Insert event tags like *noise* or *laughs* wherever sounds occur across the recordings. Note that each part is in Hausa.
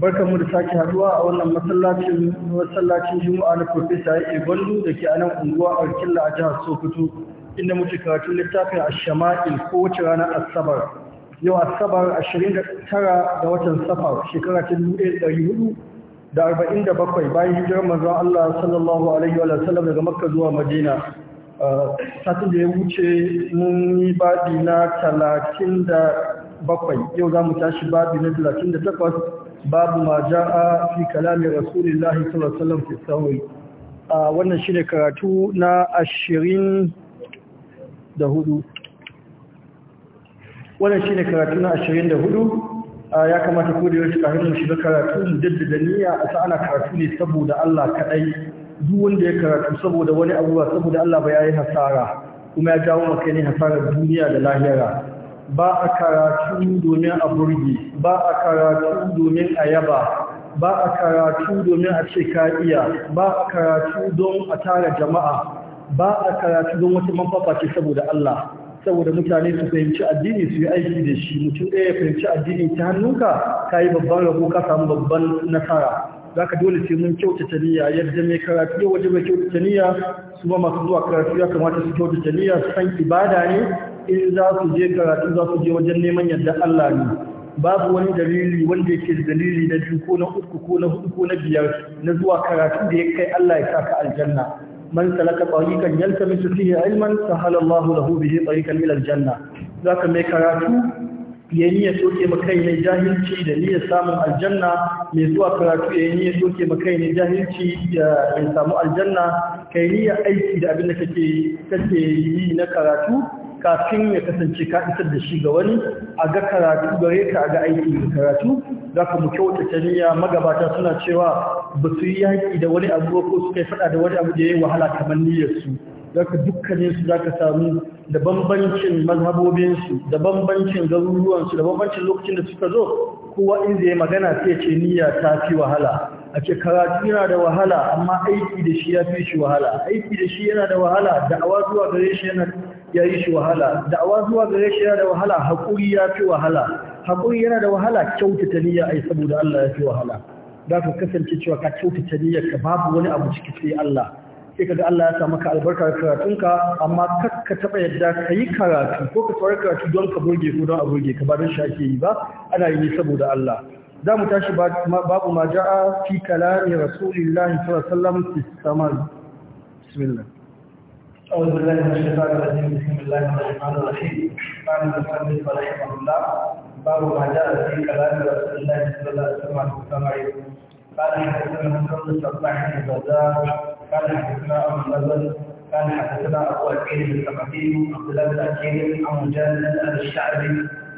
barkamu da sake haduwa a wannan masallacin masallacin Juma'a na Profesa Yake Gwandu da ke a nan unguwa Killa a jihar Sokoto inda muke karatun littafin Ash-Shama'il ko wace ranar Asabar. Yau Asabar 29 ga watan Safar shekara ta 1447 bayan hijirar manzon Allah sallallahu alaihi wa sallam daga Makka zuwa Madina. Satin da ya wuce mun yi babi na 37 yau za mu tashi babi na 38 babu ma ja'a fi kalamin rasulullahi sallallahu alaihi wasallam fi sawi wannan shine karatu na 20 da hudu wannan shine karatu na 24 ya kamata ku da yau kafin mu shiga karatu mu daddada niyya a sa ana karatu ne saboda Allah kadai duk wanda ya karatu saboda wani abu saboda Allah bai yi hasara kuma ya jawo maka ne hasara duniya da lahira ba a karatu domin a burgi ba a karatu domin a yaba ba a karatu domin a ce ka'iya ba a karatu don a tara jama'a ba a karatu don wata manfafa ce saboda Allah saboda mutane su fahimci addini su yi aiki da shi mutum ɗaya ya fahimci addini ta hannunka ka yi babban rabo ka samu babban nasara za ka dole sai mun kyautata niyya yadda mai karatu ya waje mai kyautata niyya su ma masu zuwa karatu ya kamata su kyautata niyya san ibada ne in za su je karatu za su je wajen neman yadda Allah ne babu wani dalili wanda yake da dalili da biyu ko na uku ko na hudu ko na biyar na zuwa karatu da ya kai Allah ya saka aljanna man salaka tariqan yaltamisu fihi ilman sahala Allahu lahu bihi tariqan ila aljanna zaka mai karatu ya niyya soke makai ne jahilci da niyyar samun aljanna mai zuwa karatu ya niyya soke makai ne jahilci ya samu aljanna kai niyya aiki da abin da kake kake yi na karatu kafin ya kasance ka isar da shi ga wani a ga karatu gare ka ga aiki da karatu za ka mu kyauta tariya magabata suna cewa ba su yi yaƙi da wani abu ko suka yi faɗa da wani abu da ya yi wahala kamar niyyarsu za ka dukkanin su za ka samu da bambancin mazhabobinsu da bambancin garuruwansu da bambancin lokacin da suka zo kowa in zai magana sai ce niyya ta fi wahala a ce karatu yana da wahala amma aiki da shi ya fi shi wahala aiki da shi yana da wahala da'awa zuwa gare shi yana ya yi shi wahala da'awa zuwa gare shi yana da wahala haƙuri ya fi wahala haƙuri yana da wahala kyautata niyya ai saboda Allah ya fi wahala za ka kasance cewa ka kyautata niyyar ka babu wani abu ciki sai Allah sai kaga Allah ya sa maka albarkar karatunka amma kar ka taba yadda ka yi karatu ko ka tsawar karatu don ka burge ko don a burge ka ba don shi ake yi ba ana yi ne saboda Allah za mu tashi babu ma ja'a fi kalami rasulillahi sallallahu alaihi wasallam fi samar bismillah أعوذ بالله من الشيطان الرجيم بسم الله الرحمن الرحيم قال المصنف رحمه الله باب ما جاء في كلام رسول الله صلى الله عليه وسلم عن السمع قال حدثنا مسلم الصباح بن قال حدثنا أبو الأزل قال حدثنا أبو أكيد الثقفي عبد الله بن أكيد عن مجاهد الشعبي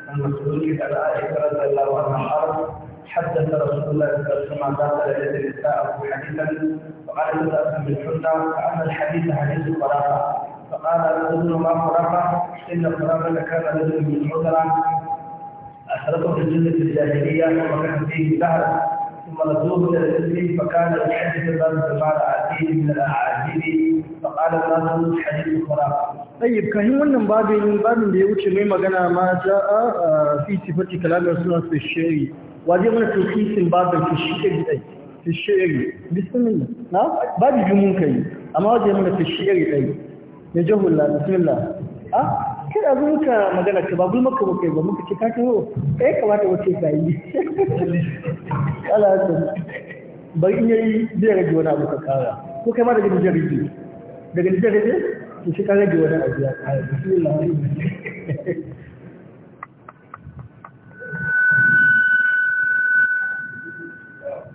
عن مسعود بن عائشة رضي الله عنها قال حدث رسول الله صلى الله عليه وسلم ذات ليله نساءه حديثا له نساء بالحنى فاما الحديث حديث قرافه فقال اذن ما قرافه ان قرافه كان رجل من حذره اخرجه في الجنه الجاهليه وكان فيه سهل ثم ردوه الى الاسلام فكان يحدث الباب بما اتيه من الاعاجيب فقال الناس حديث قرافه طيب kahin من babin من da ya wuce mai magana ma ja'a fi sifati kalamin sunan في shari'a waje mana taukisin babin fishiyari ɗai fishiyari bismillah na babu bi mun kai amma waje mana fishiyari ɗai ya jahulla bismillah a kada zo ka magana ka babu maka muka yi ba muka ce ka kawo kai kamata wace ka yi ala ta bari in yayi zai rage wani abu ka kara ko kai ma daga nijar rage daga nijar rage to shi ka rage wani abu ya kara bismillah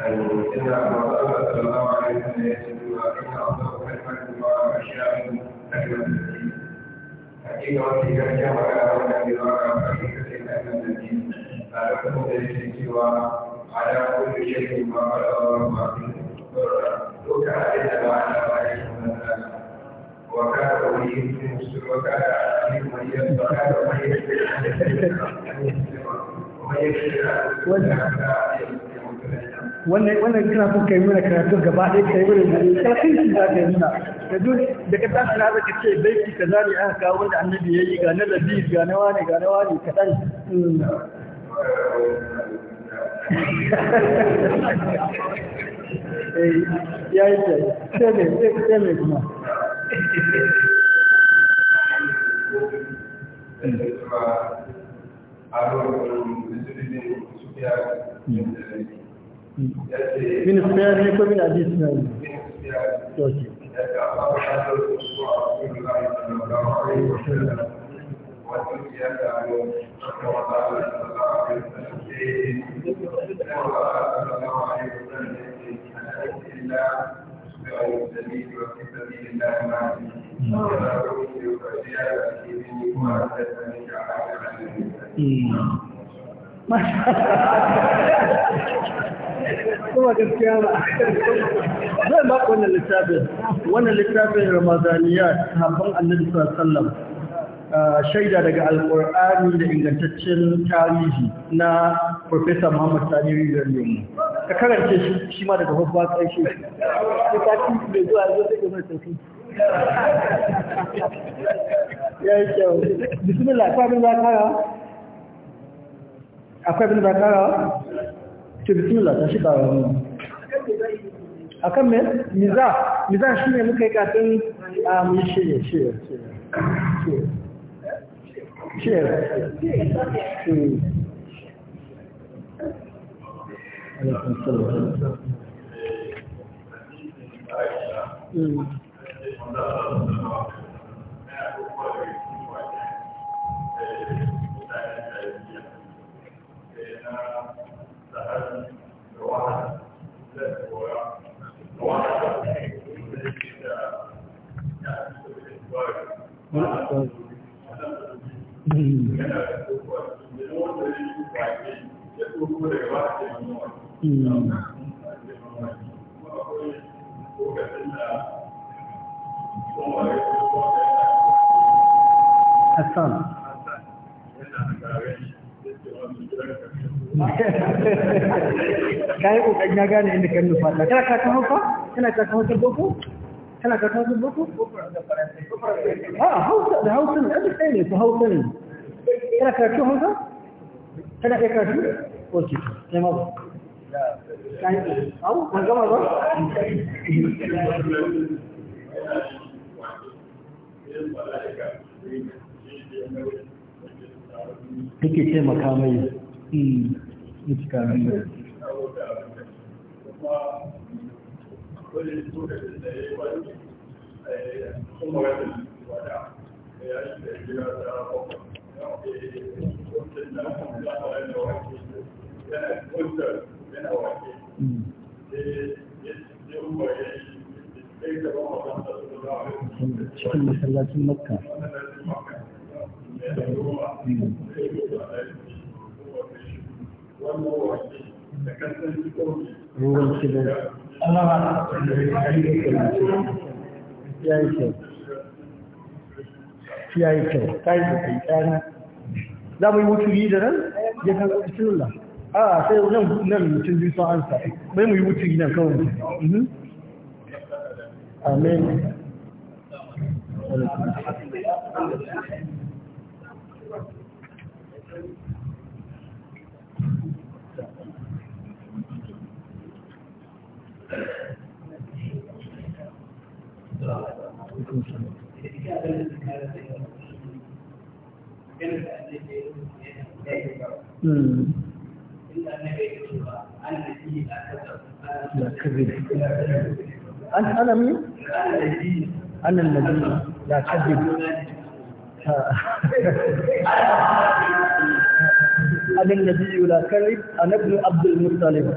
إن الله صلى الله عليه وسلم يقول إن أصدق كلمة الله كلمة الدين أكيد وفي ذلك ولا بما حقيقة أن الدين لا يكون ذلك سوى على كل شيء ما قال الله عز وجل علينا وعلى عليهم وكان وليهم في مسلم وكان عليهم وليا وكان وليا ومن يكفر عن الدين ومن يكفر عن الدين wannan wannan kana son kai mana karatu gaba ɗaya kai mana gari karfin shi da ka nuna da duk da ka tashi na zaka ce baiti kaza ne aka kawo wanda annabi yayi ga na labi ga na wani ga na wani ka dan eh, ya yi ce sai ne sai ne kuma ya you. min siyar ne ko min hadis na ما mm. شاء *laughs* الله kuma gaskiya ba zai ba ku wannan littafin wannan littafin ramazaniya sahabban annabi sallallahu ah, shaida daga alkur'ani da ingantaccen tarihi na professor Muhammad Sani Rizal Lemu. Ka karance shi ma daga babba ƙarshe. Ka tafi mai zuwa zai take mai tafi. Ya yi kyau. Bismillah, akwai bin za kara? Akwai bin za kara? to bismillah ta shi kawo mu akan me miza miza shi ne muka yi kafin a mun shirye shirye shirye shirye Mm. Yana da kuma da ya *laughs* ka yi ƙoƙari na gane inda kan nufa ta kana kakan hausa kana kakan hausa boko kana kakan hausa boko a hausa da ne ɗan ne su hausa ne kana hausa kana iya karatu ok sai ma ka yi gama ba take taimaka mai hmm. cikin masallacin makka mm. ruwan kilo ya yi kyau ta yi da kai za mu yi wuturi da nan ya kan a sai nan mutum biyu sun ansa bai mu yi wuturi nan kawai amen لا كذب أنا أنا مين؟ أنا الذي لا كذب أنا النبي لا كذب أنا ابن عبد المطلب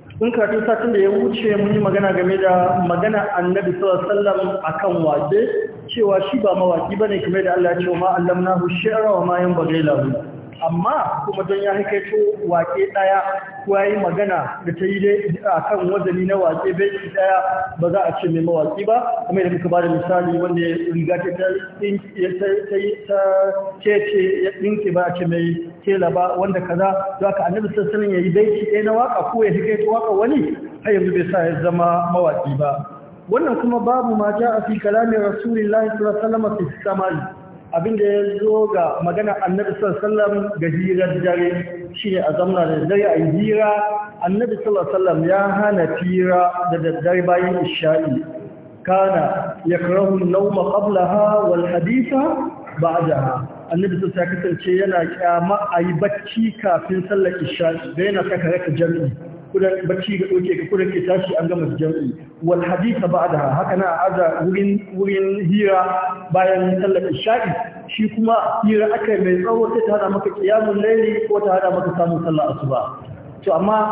in karatu satin da ya wuce mun yi magana game da magana annabi sallallahu alaihi wasallam akan waje cewa shi ba mawaki bane kamar da Allah ya ce ma allamnahu shi'ra wa ma yanbaghi lahu amma kuma don ya haikaito wake daya ko ya yi magana da ta yi a kan wazani na wake bai daya ba za a ce mai mawaki ba kuma kuka muka da misali wanda ya riga ta ta cece ya dinke ba a ce mai tela ba wanda kaza za ka annabi sassanin ya yi bai ɗaya na waka ko ya haikaito waka wani har yanzu bai sa ya zama mawaki ba wannan kuma babu ma ja a fi kalamin rasulillahi sallallahu alaihi wasallam fi samari abin da ya zo ga magana annabi sallallahu ga hirar dare shine a zamanin da dare a hira annabi sallallahu ya hana tira da daddare bayan isha'i kana yakrahu an-nawma qablaha wal haditha ba'daha annabi sallallahu alaihi kasance yana kyama ayi bacci kafin sallar isha'i da yana saka raka jami'i kudan bacci da ɗauke ka kudan ke tashi an gama jam'i wal ba da haka na aza wurin wurin hira bayan sallar isha'i shi kuma hira aka mai tsawo sai ta hada maka kiyamun layli ko ta hada maka samun sallar asuba to amma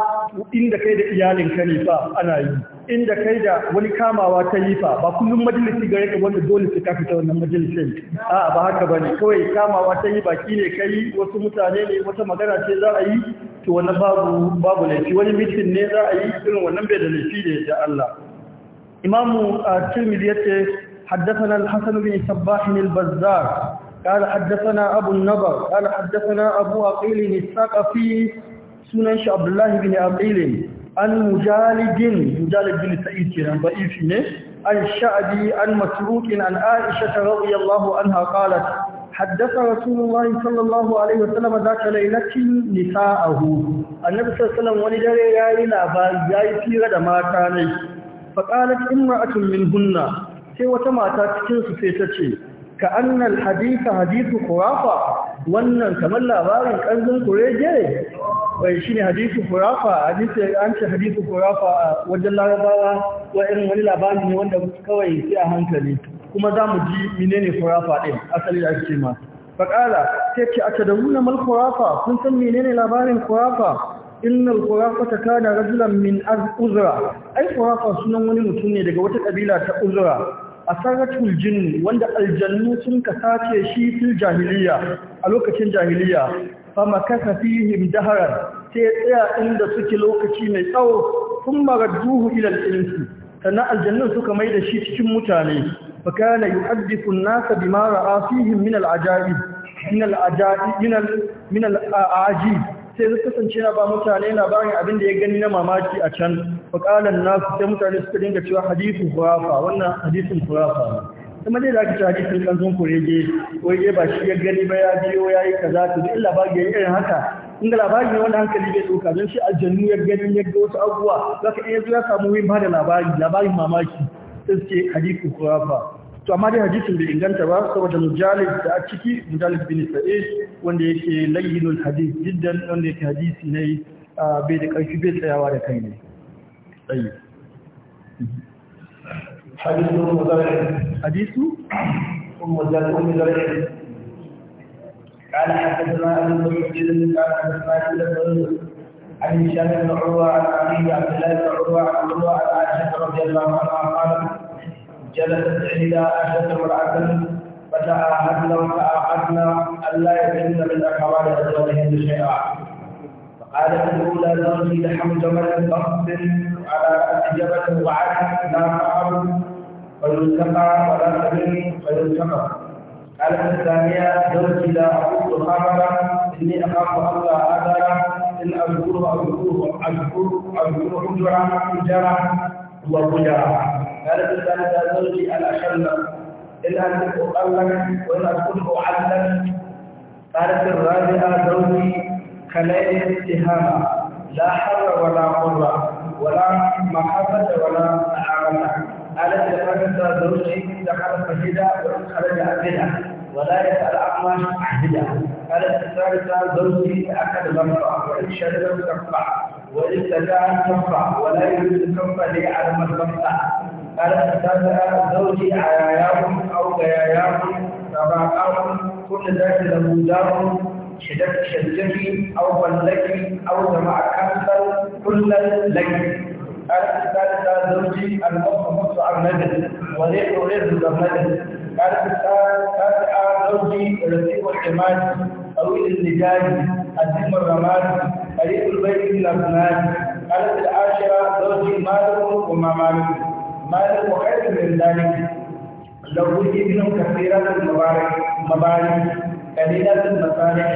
inda kai da iyalin ka ne fa ana yi inda kai da wani kamawa ta yi fa ba kullum majalisi gare ka wanda dole su ka fita wannan majalisin a'a ba haka ba ne kawai kamawa ta yi baki ne kai wasu mutane ne wata magana ce za a yi to wannan babu babu laifi wani mitin ne za a yi irin wannan bai da laifi ne da Allah imamu ah, tirmidhi yace bin الحسن بن صباح البزار قال حدثنا أبو النبر قال حدثنا أبو عقيل الثقفي سنن عبد الله بن عقيل an mujalidin mujalidin sai kiran ba'ifi ne an sha'abi an matruqin an aisha radiyallahu anha qalat haddatha rasulullah sallallahu alaihi wasallam zaka lailati nisa'ahu annabi sallallahu alaihi wasallam wani dare yayi labari yayi tira da mata ne fa qalat imra'atun minhunna sai wata mata cikin su sai ta ce ka annal haditha hadithu Kurafa, wannan kamar labarin kanzon kurege bai shine hadithu kurafa hadisi an ce Kurafa a wajen larabawa wa irin wani labarin ne wanda kawai sai a hankali kuma za mu ji menene kurafa ɗin? asali da ake ma faqala sai ce a na mal kurafa kun san menene labarin khurafa innal khurafata kana rajulan min az uzra ai kurafa sunan wani mutum ne daga wata kabila ta uzra A saratul Jini, wanda aljannu sun ka sace shi fil jahiliya a lokacin jahiliya fa makasa fihim dahran sai tsaya inda suke lokaci mai tsawo sun radduhu ila al-insi sannan aljannun suka mai da shi cikin mutane fa kana yuhaddithu an-nasa bima ra'a fihim min al-ajaib min al-ajaib min al-ajib sai zai kasance na ba mutane labarin abin da ya gani na mamaki a can fakalan nasu sai mutane suka dinga cewa hadisin kurafa wannan hadisin kurafa kuma dai da aka ce hadisin kanzon kurege kurege ba shi ya gani ba ya biyo ya yi kaza to duk labari ya yi irin haka in ga labari ne wanda hankali bai ɗauka don shi aljannu ya gani ya ga wasu abubuwa za ka iya zuwa samu wurin ba da labari labarin mamaki sai suke ce hadisin kurafa to amma dai hadisin bai inganta ba saboda mujalid da a ciki mujalid bin sa'id wanda yake layyinul hadith jiddan wanda yake hadisi ne bai da ƙarfi bai tsayawa da kai ne tsayi hadisu hadisu قال حدثنا ابو بكر بن بن عبد الله بن الله جلست إحدى عشرة امرأة فتعاهدنا وتعاهدنا ألا يكن من أحوال أزواجهن شيئا فقالت الأولى زوجي لحم جمل قصب على أجابة جبل لا تعب فيلتقى ولا تمل فيلتقى قالت الثانية زوجي لا أقول خبرا إني أخاف الله هذا إن أذكره أذكره أذكره أذكره حجرا حجرا وحجرا كانت ذلك زوجي أن إلا إن أنت أقلك وإن أكون أعلك قالت الرابعة زوجي خلاني اتهاما لا حر ولا قرة ولا محبة ولا معاملة قالت الرابعة زوجي دخل فجدا وإن خرج أبدا ولا يسأل أعمى أحدا قالت الثالثة زوجي أكل غمرة وإن شرب تقطع وإن تجاه تقطع ولا يجوز الكف لي على من قد استدعى زوجي يوم أو غياياهم رباعهم كل ذات له دار شدت شدتك أو بلك أو جمع كنفا كل لك قال استدعى زوجي المص مصر عن نجد وليح رزق النجد قال استدعى زوجي رفيق الحماد طويل اللجاج الدم الرماد قريب البيت من الأبناد قالت العاشرة زوجي ماله وما ماله ما المقصد من ذلك لو وجد منهم كثيرة المبارك مبارك قليلة المصالح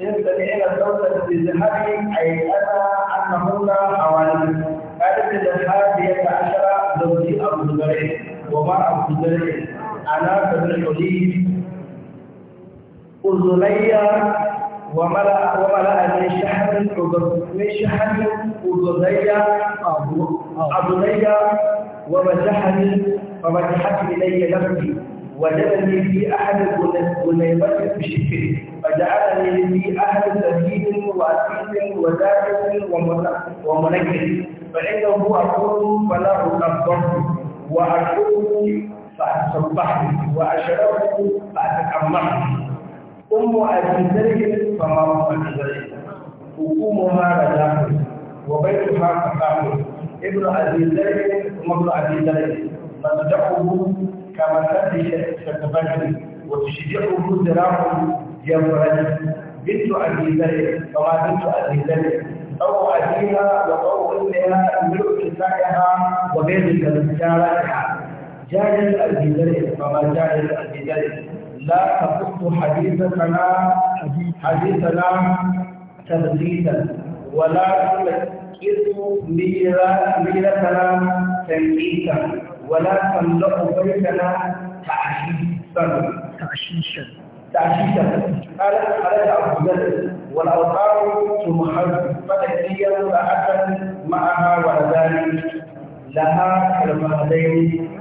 إن سمعنا صوت الذهاب أنا أن هنا قال قالت الذهاب عشر زوجي أبو زرع وما أبو زرع أنا بن الحليب أذني وملأ وملأ من شحن من شحم أذني أبو أبني ومسحني فمسحت إلي نفسي ودلني في أحد الغنيبات بشكل فجعلني في أحد سبيل وأسيس وزاكس ومنكر فإنه أقول فلا أكبر وأشربه فأتصبحت وأشربه فأتكمحت أم أبي ذلك فما أم أبي ذلك حكومها رجاء وبيتها تقامل ابن أبي زيد ثم ابن أبي زيد مصدعه كمسد شتفان وتشجعه ذراع يمرد بنت أبي زيد فما بنت أبي زيد أو أبيها وأو أمها ملء نسائها وبين رجالتها جاهل أبي زيد فما جاهل أبي زيد لا تقص حديثنا حديثنا تبديلا ولا اسم ميرتنا تنكيسا ولا تملأ بيتنا تعشيشا تعشيشا تعشيشا قال قال عبد الله والأوقات تمحل فتأتي ساعة معها ولدان لها كلمتين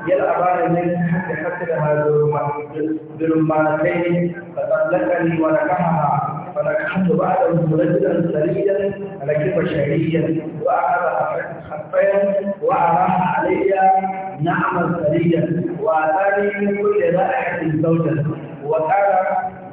يلعبان من حتى حتى لها ظلمتين فطلقني ونكحها فنجحت بعده رجلا سريا لكن بشريا وأعلى خفيا وأراح علي نعم سريا وأتاني من كل رائحة زوجا وقال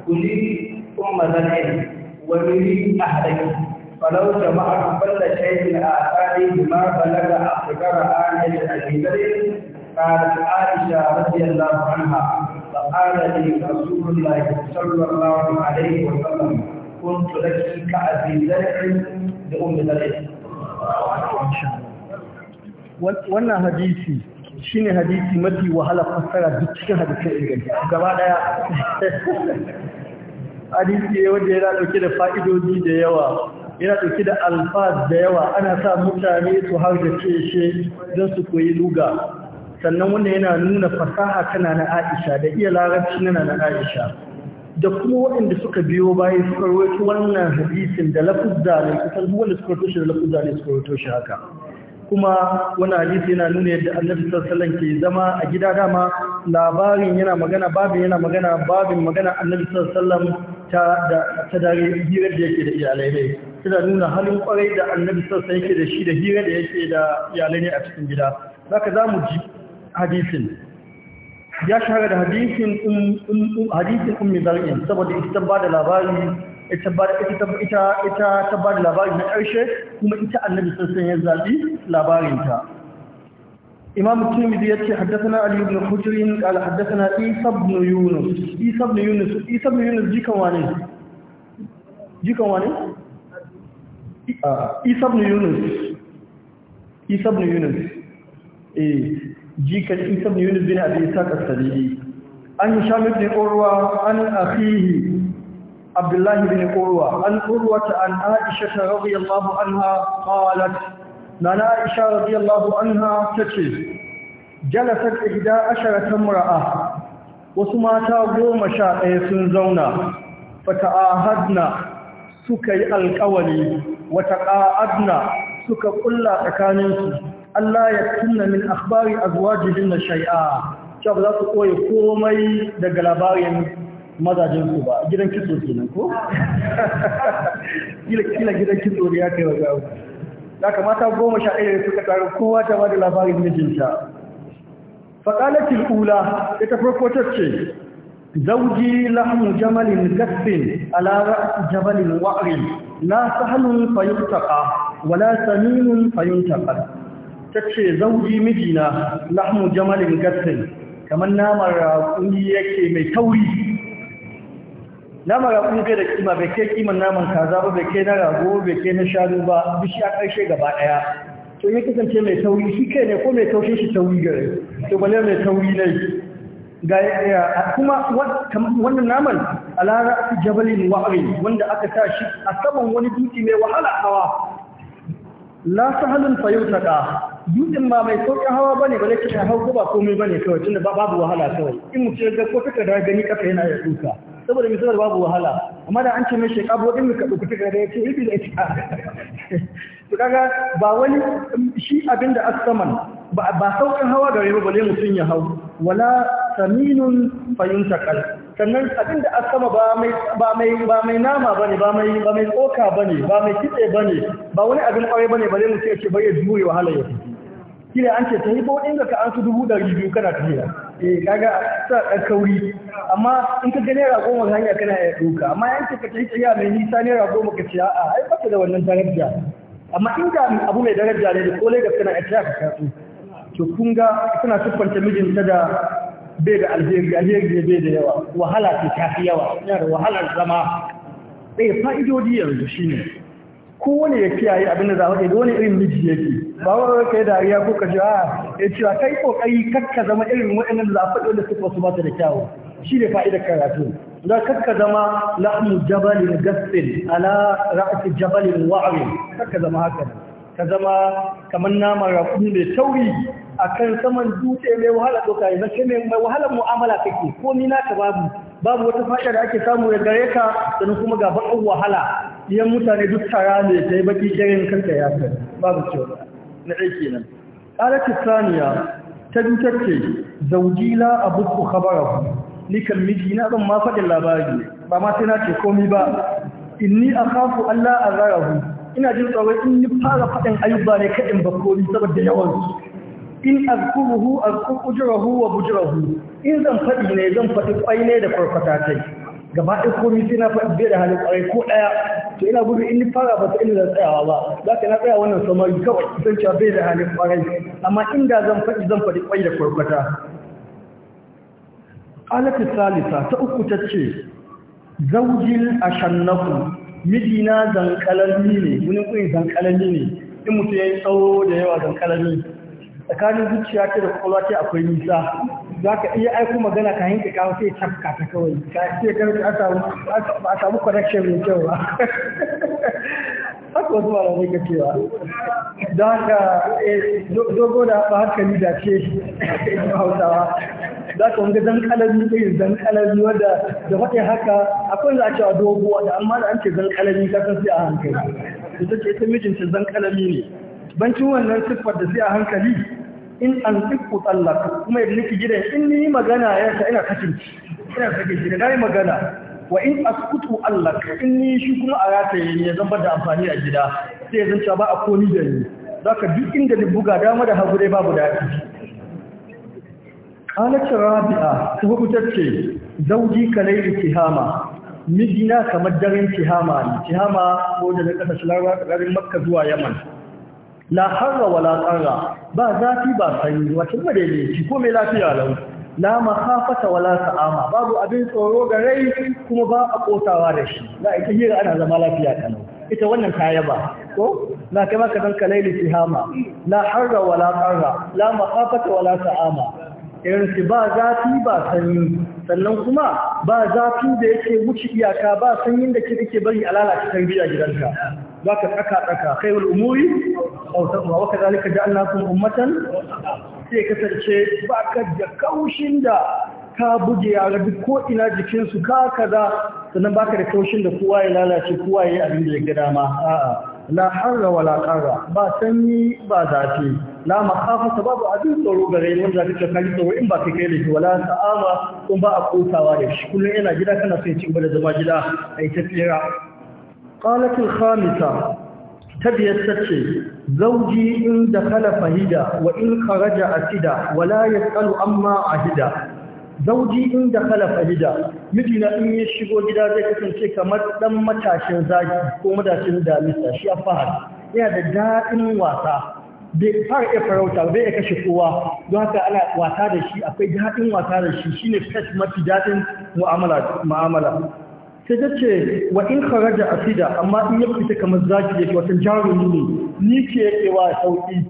كلي أم ذلك وملي أهلك فلو جمعت كل شيء آتاني بما بلغ أخبر آنية أبي قالت عائشة رضي الله عنها فقال لي رسول الله صلى الله عليه وسلم كنت لك كأبي زرع لأم زرع wannan hadisi shine hadisi mafi wahala fassara duk cikin hadisin inganta gaba daya hadisi wanda yana dauke da fa'idoji da yawa yana dauke da alfaz da yawa ana sa mutane su har da ce don su koyi luga sannan wanda yana nuna fasaha tana na Aisha da iya larabci na na Aisha da kuma waɗanda suka biyo bayan suka rawaito wannan hadisin da lafuzza ne kusan wanda suka rawaito shi da lafuzza ne suka rawaito shi haka kuma wani hadisi yana nuna yadda annabi sallallahu ke zama a gida dama labarin yana magana babin yana magana babin magana annabi sallallahu ta da ta dare hirar da yake da iyalai ne Suna nuna halin kwarai da annabi sallallahu yake da shi da hirar da yake da iyalai ne a cikin gida zaka zamu ji hadisin ya shahara da hadisin um, um, um, hadisin ummi zar'in saboda ita ba da labari ita ba da ita ita ita ta ba da labari na karshe kuma ita annabi sassan ya zabi labarinta imam tirmidhi yace haddathana ali ibn hujr qala haddathana isa ibn yunus isa ibn yunus isa ibn yunus jikan wani jikan wani ah, isa ibn yunus isa ibn yunus eh. jikan isa bin yunus bin abi isa kasalili an hisham bin urwa an akhihi abdullahi bin urwa an ta an aisha ta radiyallahu anha qalat nana aisha radiyallahu anha tace jalasat ihda asharata mar'a wasu mata goma sha ɗaya sun zauna a fata'ahadna suka yi alƙawari wata ƙa'adna suka ƙulla tsakaninsu Allah ya tunna min akhbari azwajihin shay'a cewa ba za su koyi komai daga labarin mazajin su ba gidan kitso kenan ko kila kila gidan kitso ne ya kai wa gawo da kamata goma sha ɗaya suka taru kowa ta ba da labarin mijinta faƙalatin ula ita farko ta ce zauji lahmu jamalin gasbin alara jabalin wa'rin la sahalun fayuntaka wala saminun fayuntaka ta ce zauji mijina lahmu jamalin gassin kamar namar raƙuni yake mai tauri namar raƙuni bai da kima bai ke kiman naman kaza ba bai ke na rago bai ke na shanu ba bishi a ƙarshe gaba ɗaya to ya kasance mai tauri shi ke ne ko mai taushe shi tauri gare to bale mai tauri ne ga kuma wannan naman alara jabalin wa'ari wanda aka sa shi a saman wani dutse mai wahala hawa la sahalun fayutaka dutsen ba mai sauƙin hawa bane ba zai hau ko ba komai bane kawai tunda babu wahala kawai in mutum ya ga ko fika da gani kafa yana ya duka saboda mai sanar babu wahala amma da an ce mai shekabu wadin mai kaɗu kuta gada ya ce ibi da ita *laughs* to kaga ba wani um, shi abin da asaman ba saukan hawa gare ba bale mutum ya hau wala saminun fayin takal sannan abin da asama ba mai ba mai ba mai nama bane ba mai ba mai tsoka bane ba mai kitse bane ba wani abin ba bane bale mutum ya ce bai ya jure wahala ya kila an ce ta hibo inda ka an su dubu ɗari biyu kana tafiya eh kaga sa ɗan kauri amma in ka ga naira goma ta hanya kana ya ɗauka amma yan ce ka ta yi hibo mai nisa naira goma ka ce a ai ba da wannan daraja amma in ga abu mai daraja ne da kole da kana iya ka kasu to kun ga suna siffanta mijinta da bai da alheri alheri ne bai da yawa wahala ce ta fi yawa yana da wahalar zama ɗaya eh, fa'idodi yanzu shine kowane ya kiyaye abin da za a da wani irin miji yake ba wa yi dariya ko ka jiwa ah, ya cewa ah, kai kokari kakka zama irin waɗannan da za a faɗi da suka wasu ba da kyawu shi ne fa'idar karatu da kakka zama lahmu jabalin gassin ala ra'asi jabalin wa'arin kakka zama haka ka zama kamar nama rakun mai tauri akan saman dutse mai wahala doka ya zace mai wahalar mu'amala kake ko ni naka babu babu wata fa'ida da ake samu ya gare ka sannan kuma ga baƙin wahala Iyan mutane duk tara ne ta yi baki irin kanta ya kai babu kyau na aiki nan ƙarar saniya ta dutar ce zaujila abu ku ni kan miji na ɗan ma faɗin labari ba ma sai na ce komi ba inni kafu Allah azarahu ina jin tsawai in yi fara faɗin ayyuba ne kaɗin bakori saboda yawansu in azkuruhu azkuru ujrahu wa bujrahu in zan faɗi ne zan faɗi ƙwai ne da farfata kai gaba ɗin komi sai na faɗi da halin ƙwarai ko ɗaya to ina gudu in fara ba ta ina da tsayawa ba za ka na tsaya wannan samari kawai zan cewa bai da halin ƙwarai amma inda zan faɗi zan faɗi ƙwai da kwarkwata alatu salisa ta uku ta ce zaujin ashannaku mijina zankalami ne wani kuyin zankalami ne in mutum ya yi tsawo da yawa zankalami tsakanin zuciya ta da kwakwalwa ta akwai nisa za ka iya aiko magana ka yanka kawo sai tafka ta kawai ka ce karfi a samu connection mai kyau ba haka wasu malamai ka cewa don haka eh, dogo da ba hankali da ce ina hausawa za ka wanga zan kalabi irin zan kalabi wadda da faɗin haka akwai za a cewa dogo da amma da an ce zan kalabi ka san sai a hankali ita ce ita mijinta zan kalabi ne bancin wannan siffar da sai a hankali in an tsibku tsallaka kuma yadda nake gidan in ni magana ya sa ina kashin ina sake shi da yi magana wa in askutu allaka in ni shi kuma a rataye ne ya bada da amfani a gida sai ya ba a koni da ni zaka duk inda ni buga dama da hagu dai babu daɗi ta رابعة تهبتت زوجي kalai تهاما mijina kamar daren tihama ne tihama ko da na kasa shilarwa garin makka zuwa yaman la harra la qarra ba zafi ba sanyi wata madaidaici ko mai lafiya lau la wa la sa'ama babu abin tsoro ga rai kuma ba a kotawa da shi za a hira ana zama lafiya kana ita wannan kaya ba ko na kai maka dan kalaili tihama la harra la qarra la wa la sa'ama irin su ba zafi ba sanyi sannan kuma ba zafi da yake wuce iyaka ba sanyin da ke bari a lalata tarbiya gidanka ذاك أكا أكا خير الأمور أو تقوى وكذلك جعلناكم أمة sai kasance ba ka da kaushin da ka buge yara duk ko ina jikinsu ka kaza sannan baka da kaushin da kowa ya lalace kowa ya yi abin da ya gada ma. a'a la harra wa la qarra ba sanyi ba zafi la makhafa babu abin tsoro gare ni wanda kake kai tsoro in ba kai kai laifi wala sa'ama kun ba a kotawa da shi kullun yana gida kana sai cin gaba da zama gida ai tafira قالت الخامسة تبي السكي زوجي إن دخل فهدى وإن خرج أسدى ولا يسأل أما أهدى zauji inda kala fahida mijina in ya shigo gida zai kasance kamar dan matashin zaki ko matashin damisa shi a fahar yana da daɗin wasa bai fara iya farauta bai ya kashe kowa don haka ana wasa da shi akwai daɗin wasa da shi shine fes mafi daɗin mu'amala sai ta ce wa in kharaja asida amma in ya fita kamar zaki yake wata jarumi ne ni ke yake wa sauki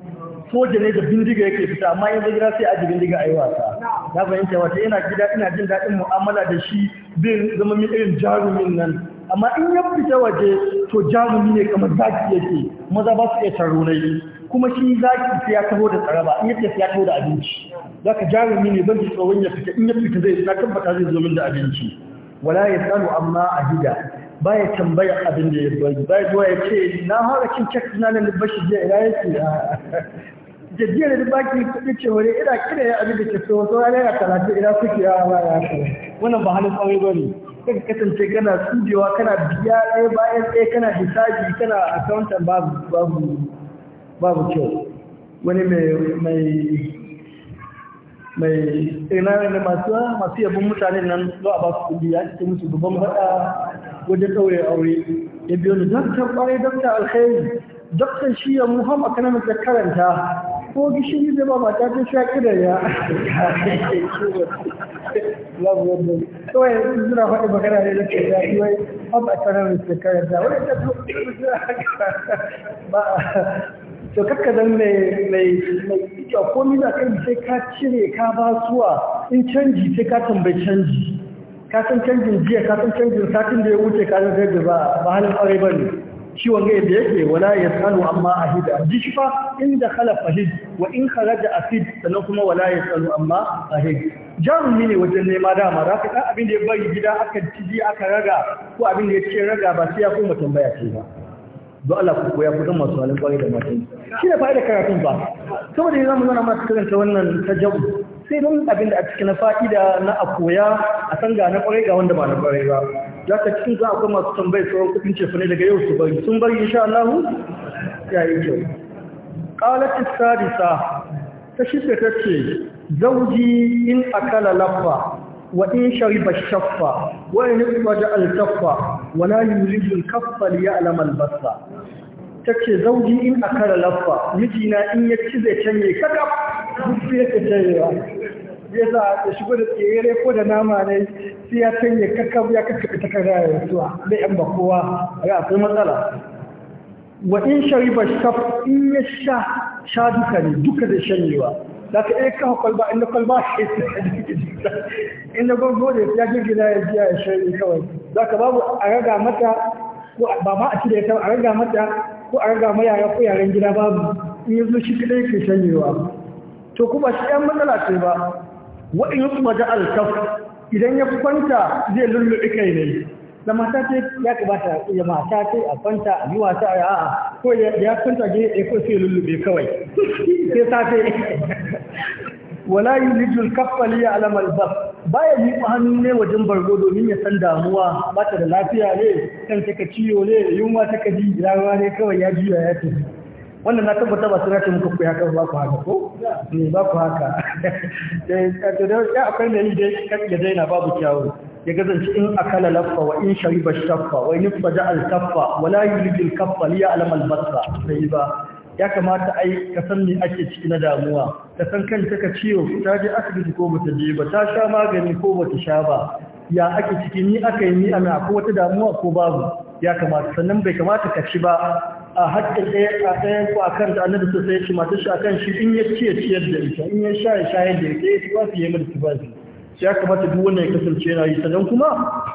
soja ne da bindiga yake fita amma yanzu gida sai aji bindiga a yi wasa na fahimta wata yana gida ina jin daɗin mu'amala da shi bin zama min irin jarumin nan amma in ya fita waje to jarumi ne kamar zaki yake maza ba su iya taro na kuma shi zaki sai ya taho da tsaraba in ya fita ya taho da abinci zaka jarumi ne ban ji tsoron ya fita in ya fita zai na tabbata zai zo min da abinci wala ya sanu amma a ba ya tambaya abin da ya bai ba zuwa ya ce na hawa cin cak na nan bashi jiya ina yake jajjiyar *laughs* da baki kuɗi ce wani ina kira ya abin da ke so so rana yana karatu ina kuke yawa ba ya kare wannan ba halin tsawai ba kan kasance kana tsujewa kana biya ɗaya bayan ɗaya kana hisabi kana accountant babu babu kyau wani mai mai tsinanin da masu masu yabon mutanen nan ba su kudi ya cikin musu babban faɗa wajen ɗaure aure ya biyo ni daktar ƙwarai daktar alkhairi shi ya muham economics da karanta ko gishiri zai ba mata ta sha kidan ya magana ne da ke zafi da karanta to kakka zan mai mai mai ita komi na ka sai ka cire ka ba suwa in canji sai ka tambayi canji ka san canjin jiya ka san canjin satin da ya wuce ka san sai ba ba halin kwarai ba ne ciwon gai da yake wala ya tsano amma a hida fa. inda kala fahid wa in da asid sannan kuma wala ya tsano amma a hida jarumi ne wajen nema dama za ka ɗan abin da ya bari gida aka ciji aka raga ko abin da ya ce raga ba sai ya koma tambaya ce ba don Allah ku koya kudin masu halin kwari da matan shi ne fa'ida karatun ba saboda yanzu mu zana masu karanta wannan tajabu sai don abin da a cikin na fa'ida na a koya a san ga na kwarai ga wanda ba na kwarai ba za ka cikin za akwai masu tambayar sauran kudin cefa ne daga yau su bari sun bari insha Allah ya yi kyau qalat sadisa ta shi ta ce zauji in akala lafa. وإن شرب الشفة وإن اخرج الكفة ولا يريد الكفة ليعلم البصة تكي زوجي إن أكل لفة مجينا إن يكتزي تنمي كتب بسيئة تنمي yasa da shigo da tsere ko da nama ne sai ya canye kakkab ya kakkaɓe ta kan rayar suwa da yan ba kowa a ga akwai matsala shaf in ya sha sha duka ne duka da shanyewa zaka ka iya kawo kwalba inda kwalba shi inda gwamgo da ya jirgina ya jiya ya shari kawai za ka babu a raga mata ko ba ma a cire ta a raga mata ko a raga ma yara ko yaren gida babu in yanzu shi ke shanyewa to kuma shi yan matsala ce ba wa'in kuma da alkaf idan ya kwanta zai lulluɓe kai ne da mata ce ya kamata ya mata ce a kwanta a wasa a ko ya kwanta ge ya ko sai lullube kawai wala yulijul kaffa li ya'lam al-bas baya miƙa hannu ne wajen bargo domin ya san damuwa ba ta da lafiya ne kan taka ciwo ne yunwa taka ji rawa ne kawai ya juya ya tafi wannan na tabbata ba suna ce muka ku haka ba ku haka ko ne eh, ba ku haka eh, ya akwai da yi dai ya daina babu kyawu ya gazanci in akala laffa wa in shariba shaffa wa in faja al kaffa wa la yulijil sai ba ya kamata ai ka san me ake ciki na damuwa ka san kanta ka ciwo ta je asibiti ko bata je ba ta sha magani ko bata sha ba ya ake ciki ni aka yi ni ana ko wata damuwa ko babu ya kamata sannan bai kamata ka ci ba a hakkin ɗaya a ɗayan ko a kan da annabi sosai ya ci shi a kan shi in ya ci ya ciyar da ita in ya sha ya sha yadda ya ci ba su yi mata ci ba su ya kamata duk wannan ya kasance yana yi sannan kuma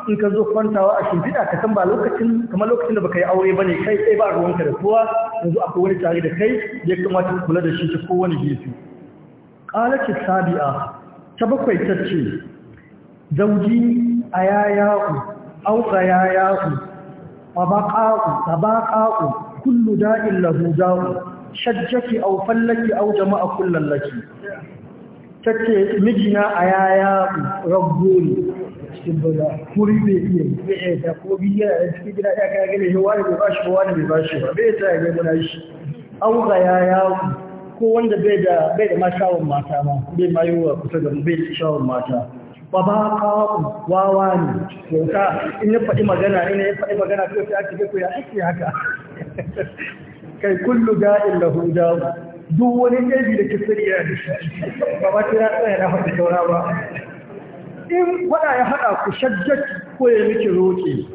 in ka zo kwantawa a shimfiɗa ka san ba lokacin kamar lokacin da baka yi aure bane kai sai ba ruwanka da kowa yanzu akwai wani tare da kai ya kamata ka kula da shi ta kowane gefe qalati sabi'a ta bakwai ta ce zauji ayayahu a qayayahu a abaqa'u kullu da'in lahu da'u shajjaki au fallaki au jama'a kullallaki ta ce mijina a yaya rago ne cikin bala kuri bai iya bai ta ko biya a cikin gida ya kaya gane shi wani bai bashi wani bai bashi ba bai ta yage muna shi an ga yaya ko wanda bai da bai da mata ma bai ma wa kusa da bai da shawar mata ba ba kawo wawa ne kyauta in ya faɗi magana in ya faɗi magana ko sai ake ga ko ya ake haka *laughs* kai kullu da'in lahu da'u duk wani ɗabi da ke sani yana da shi ba ma kira tsaya na haɗa ba in faɗa ya haɗa ku shajjaki ko ya miki roƙe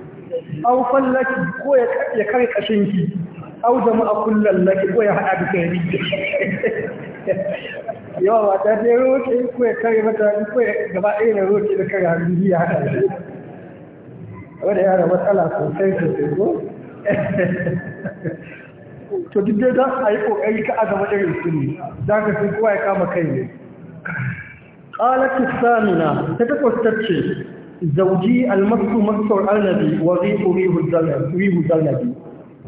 au fallaki ko ya kare ƙashinki au jama'a kullum laki ko ya haɗa duka ya miki yawa ba ta fi roƙe ko ya kare mata ko ya gaba ɗaya na roƙe da kare hannu ya haɗa shi wadda yana matsala sosai sosai ko *laughs* to duk dai za a yi kokari ka azama irin su ne za ka fi kowa ya kama kai ne qalatu samina ta takwas ce zauji almasu Mas'uwar arnabi wa rihu zarnabi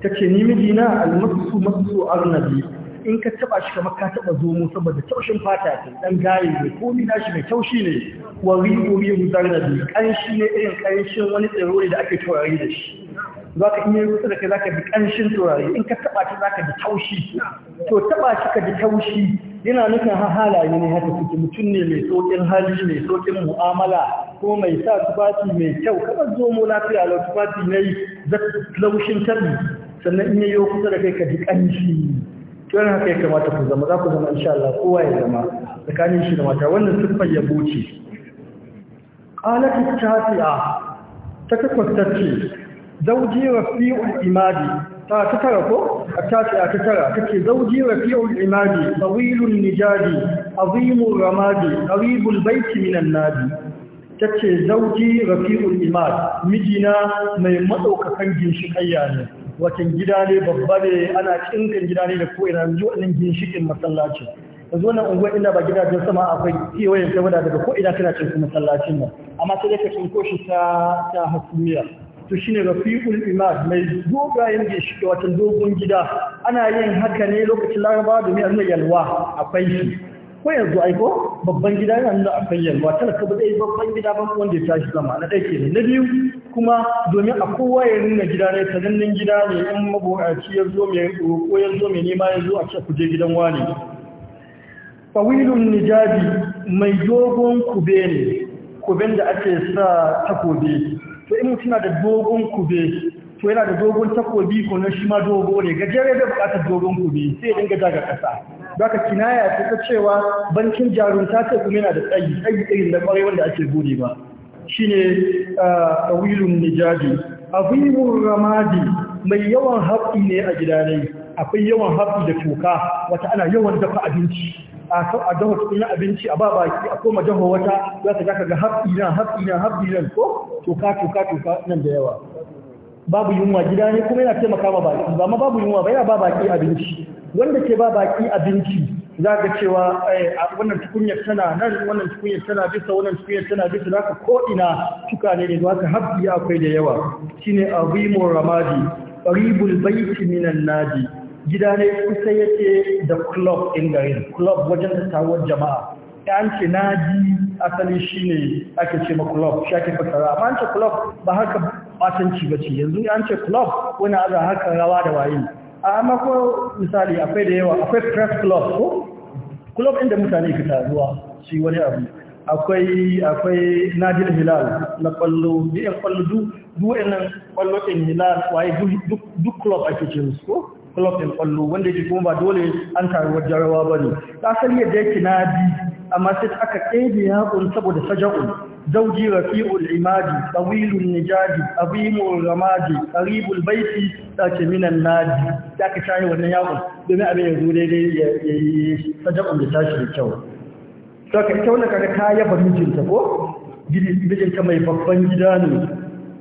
ta ce ni mijina almasu Mas'uwar arnabi in ka taba shi kamar ka taba zomo saboda taushin fata ce dan gaye ne komi nashi mai taushi ne wa rihu rihu zarnabi ne irin kanshin wani tsiro ne da ake turare da shi za ka iya kusa da kai za ka bi ƙanshin turare in ka taɓa shi za ka bi taushi to taɓa shi ka bi taushi yana nufin halaye ne haka suke mutum ne mai sauƙin hali mai sauƙin mu'amala ko mai sa tufafi mai kyau kamar zomo lafiya lau tufafi na yi laushin tabi sannan in yi kusa da kai ka bi ƙanshi yana haka ya kamata ku zama za ku zama insha Allah kowa ya zama tsakanin shi da mata wannan siffar ya ce qalat tafi'a ta takwas tace zauji fiul imadi ta ta tara ko a ta ce a ta tara take zauji fiul imadi tawilun nijadi azimur ramadi aribun baiti minan nadi tace zauji fiul imad mijina mai madaukakan ginshikayya ne wacin gida ne babba ne ana cinkin gida ne da ko ina yanzu wannan ginshikin masallaci yanzu wannan unguwar inda ba gidajen sama akwai kewayen saboda daga ko ina tana cin masallacin ba amma sai dai ka koshi ta ta hasumiya to shine rafiqul imad mai dogayen gishiki wata dogon gida ana yin haka ne lokacin laraba domin annabi yalwa akwai shi ko yanzu ai ko babban gida yana da akwai yalwa talaka ba dai babban gida ba wanda ya tashi zama na dake ne na biyu kuma domin a kowa ya nuna gida ne sanannen gida ne in mabuƙaci ya zo mai ko ya zo mai nema ya a ce kuje gidan wani fawilun Nijadi mai dogon kube ne kuben da ake sa takobi to in mutum da dogon kube to yana da dogon takobi ko na shi ma dogo ne gajere da bukatar dogon kube sai ya dinga daga kasa baka kinaya ta ta cewa bankin jarunta ta kuma yana da tsayi tsayi tsayi da kwarai wanda ake gode ba shine tawilun nijadi azimur ramadi mai yawan haƙi ne a gidanai akwai yawan hafi da toka wata ana yawan dafa abinci a dafa tukunan abinci a babaki a koma dafa wata za ka ga hafi na hafi na hafi nan ko toka toka toka nan da yawa babu yunwa gida ne kuma yana taimaka ma baki ba ma babu yunwa ba yana ba baki abinci wanda ke ba baki abinci za ka cewa eh, wannan tukunyar tana nan wannan tukunyar tana bisa wannan tukunyar tana bisa za ka ko'ina tuka ne ne za ka hafi akwai da yawa shine azimur ramadi qaribul baiti minan nadi gida ne kusa yake da club ɗin garin club wajen da tawon jama'a an ce na ji asali shi ne ake ce ma club shi ake fasara amma an ce club ba haka batanci ba ce yanzu an ce club wani aza haka rawa da waye amma ko misali akwai da yawa akwai press club ko club inda mutane ke taruwa shi wani abu akwai akwai nadir hilal na kwallo biyan kwallo duk wa'annan kwallo ɗin hilal waye duk club ake ce musu ko club din kwallo wanda yake kuma ba dole an taru wajen ba ne ta asali yadda yake na bi amma sai aka kebe ya kun saboda saja'un zauji rafi'ul imadi tawilun العماد abimul ramadi qaribul baiti ta ce minan nadi ta ka شاي wannan yawon domin abin yanzu daidai ya yi sajabun da tashi da kyau to ka ita wannan kaga ka yaba mijinta ko mijinta mai babban gida ne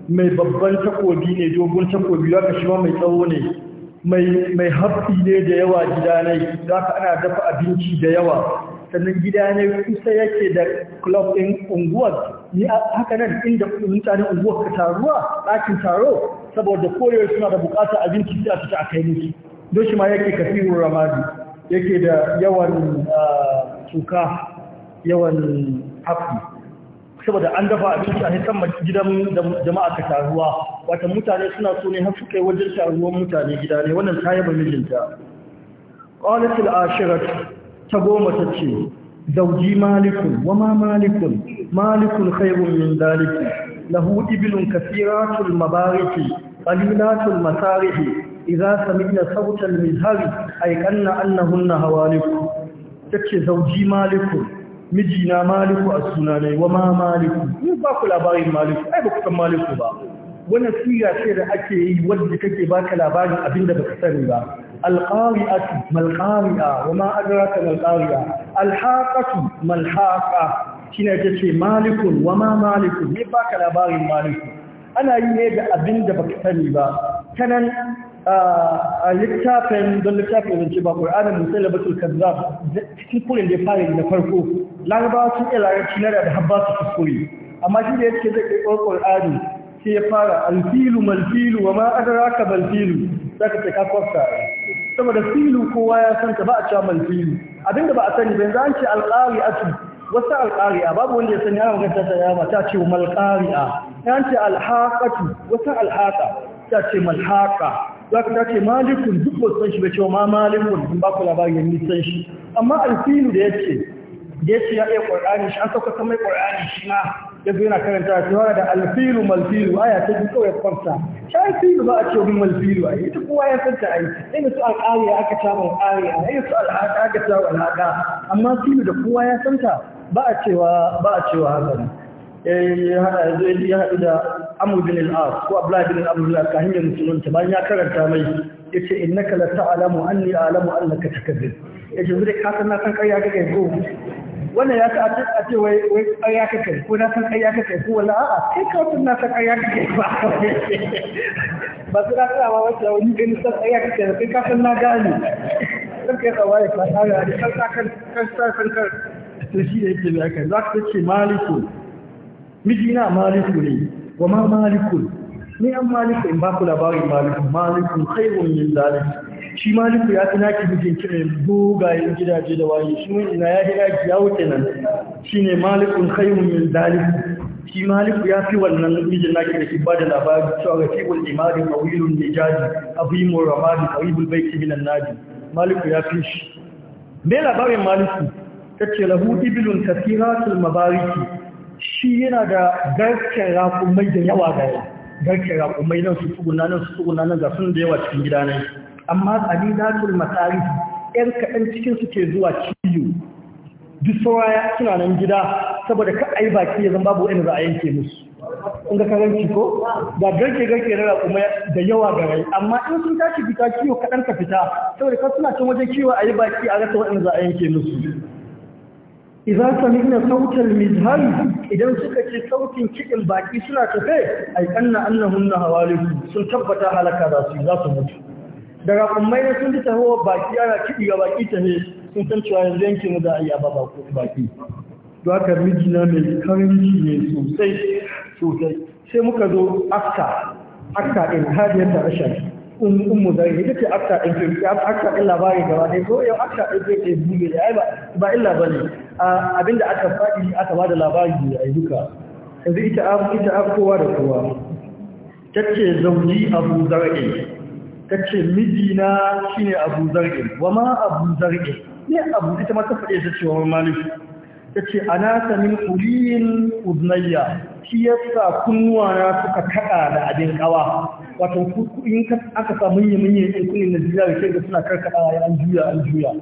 mai babban takobi ne dogon takobi haka shi ma mai tsawo ne mai hafi ne da yawa gidanai za ka ana dafa abinci da yawa sannan gidanai kusa yake da club ɗin unguwar ni haka nan inda mutanen unguwar ka taruwa ɗakin taro saboda koyar suna da buƙatar abinci da su fita a kai musu don shi ma yake kafirun ramadi yake da yawan tuka ah, yawan hafi. saboda an dafa abinci a hisan gidan jama'a ka taruwa wata mutane suna so ne har suka yi wajen taruwan mutane gida ne wannan ta yaba mijinta ƙwalatul ashirat ta goma ta ce zauji malikun wa ma malikun malikun khairun min daliki lahu ibilun kasiratul mabariki qalilatul masarihi idza sami'na sautal mizhari ayqanna annahunna hawaliku tace zauji malikun mijina maliku a suna ne wa ma maliku ni ba ku labarin maliku ai ba ku san maliku ba wani siya ce da ake yi wadda kake baka labarin abin da baka sani ba alqari'atu malqari'a wa ma adraka malqari'a alhaqatu malhaqa shine kace malikun wa ma malikun ni baka labarin maliku ana yi ne da abin da baka sani ba kanan a littafin don littafin zance ba ƙur'anin musai labatul kazzab cikin kurin da ya fara da farko larabawa sun iya larabci na da habba su kuskure amma shi da yake zai ƙirƙirar ƙur'ani sai ya fara alfilu malfilu wa ma adraka balfilu za ka ka kwafta saboda filu kowa ya san ta ba a cewa malfilu abinda ba a sani ban za a ce alƙari'atu wasu alƙari'a babu wanda ya sani ana magana ta yama ta ce malƙari'a ya ce alhaƙatu wasu alhaƙa ta ce malhaƙa za ka ce malikun duk ba san shi ba cewa ma malikun in ba ku labari yanni sun shi amma alfilu da ya ce da ya ce ya iya ƙwar'ani shi an sauka ta mai ƙwar'ani shi ma ya zo yana karanta shi hana da alfilu malfilu aya ta ji kawai kwanta shi alfilu ba a ce wani malfilu a yi ta kowa ya santa a yi ɗaya su a aka ƙari a yi su alhaka aka taɓa al'aƙa amma filu da kowa ya santa ba a cewa ba a cewa haka ya haɗu da Amurbin bin ko abdullahi bin al'as kahin hanyar musulunta bayan ya karanta mai ya ce in na innaka alamu, an anni a'lamu annaka takazzib ya ce zai kasan na san ƙarya kake ko wannan ya ta a ce wai wai ƙarya kake ko na san ƙarya kake ko wala a'a sai kawai san na san ƙarya kake ba ba su na tsaya ba wacce wani gani san ƙarya kake kai ka san na gane kan kai tsawa ya ka tsaya da kan kan kan kan to shi ne yake mai kai za ka ce maliku mijina maliku ne wa ma maliku ni an maliku in ba ku labarin maliku maliku khairun min zalik shi maliku ya fi naki mijin kire dogayen gidaje da waye shi wani ina ya fi naki ya wuce nan shi ne malikun khairun min zalik shi maliku ya fi wannan mijin naki da shi ba da labari cewa ga kibul imari mawilun nijaji abu yi muramadi qaribul baiti minan nadi maliku ya fi shi me labarin maliku tace lahu ibilun kathiratul mabariki shi yana da garken raƙumai da yawa yi. garken raƙumai nan su tuguna nan su tuguna nan ga sun da yawa cikin gida nan amma qalilatul matsari yan kaɗan cikin su ke zuwa ciyo duk saura suna nan gida saboda ka ai baki ya zan babu wani za a yanke musu in ga karen ko ga garke garke na kuma da yawa ga rai amma in sun tashi fita kiwo kaɗan ka fita saboda ka suna cin wajen kiwo a yi baki a rasa waɗanda za a musu idan na sautar mizhal idan suka ce sautin kiɗin baki suna tafe aikanna annahunna hawaliku sun tabbata halaka za su za su mutu daga kummai na sun ji tahowar baki ana kiɗi ga baki ne sun san cewa yanzu yankin mu za a yi ba bako baki don haka mijina mai kanji ne sosai sosai sai muka zo akka akka ɗin hadiyar da rashin um, ummu zai ita ce akka ɗin akka ɗin labari gaba ɗaya ko yau akka ɗin zai ke buge da ai ba illa ba ne abinda aka faɗi aka ba da labari a duka yanzu ita abu ita abu kowa da kowa ce zauji abu Ta ce mijina shine abu zarge wa ma abu zarge ne abu ita ma ta faɗe ta cewa malik tace anata min kuliyin uznayya shi yasa kunnuwa na suka kaɗa da abin kawa wato in aka samu yin yin kunin na jiya da suna karkaɗa ya an juya an juya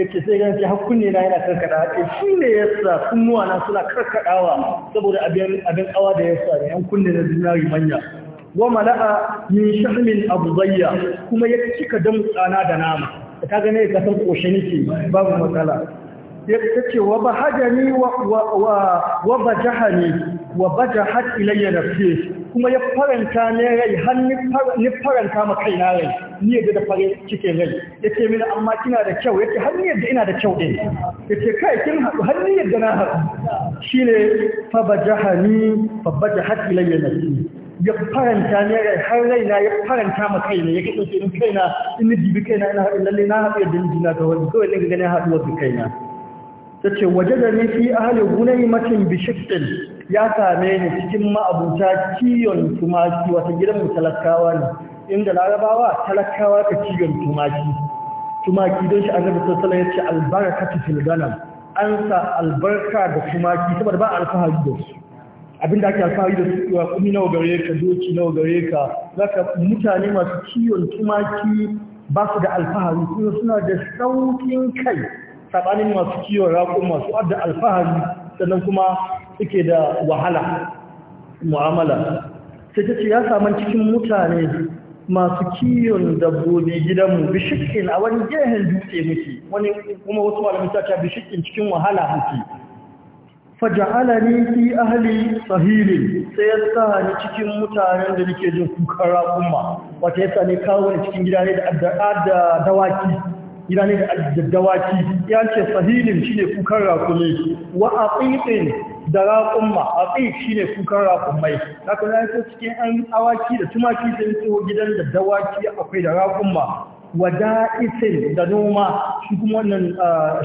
yake sai ganin sai hakkunni na yana karkada hake shi ne ya sa kunnuwa na suna karkadawa saboda abin kawa da ya sa da yan kunne na zinari manya wa mala'a min shahmin abuzayya kuma ya cika tsana da nama da ta gane ka san koshe nake babu matsala ya ce wa bahajani wa wa wa bajahani wa bajahat ilayya nafsi kuma ya faranta ne rai har ni faranta ma kai na rai ni yadda da fare cikin rai Ya ce mini amma kina da kyau Ya har ni yadda ina da kyau ɗin. Ya ce kai kin haɗu har ni yadda na haɗu Shi shine fa da haɗi bajahat na nafsi ya faranta ne rai har rai na ya faranta ma kai ne ya kace in kai na in ni dibi kai na ina haɗu lalle na haɗu yadda ni jina ga wani kawai ne ga ganin haɗuwar kai na ta ce waje da nufi a halin gunayi macin ya same ni cikin ma'abuta kiyon tumaki wata gidanmu talakawa ne inda larabawa talakawa ka kiyon tumaki tumaki don shi annabi sallallahu ya ce albarka ta filganan an sa albarka da tumaki saboda ba alfahari da su abinda ake alfahari da su wa kumi nawa gare ka doki nawa gare ka zaka mutane masu kiyon tumaki ba su da alfahari kuma suna da saukin kai sabanin masu kiwon raƙon masu adda alfahari sannan kuma suke da wahala mu'amala sai ta ce ya samu cikin mutane masu kiyon dabbobi gidanmu bishikin a wani gehen dutse muke wani kuma wasu malamin ta bishikin cikin wahala muke faja'ala ni fi ahli sahilin sai ya sa ni cikin mutanen da nake jin kukan raƙuma wata ya sa ne kawo ni cikin gida ne da dawaki gida ne da dawaki ya ce sahilin ne kukan raƙumi. wa aqiqin da raqumma shi ne kukan raqumai haka ne sai cikin an awaki da tumaki sai tsoho gidan da dawaki akwai da Wa wada'isin da noma shi kuma wannan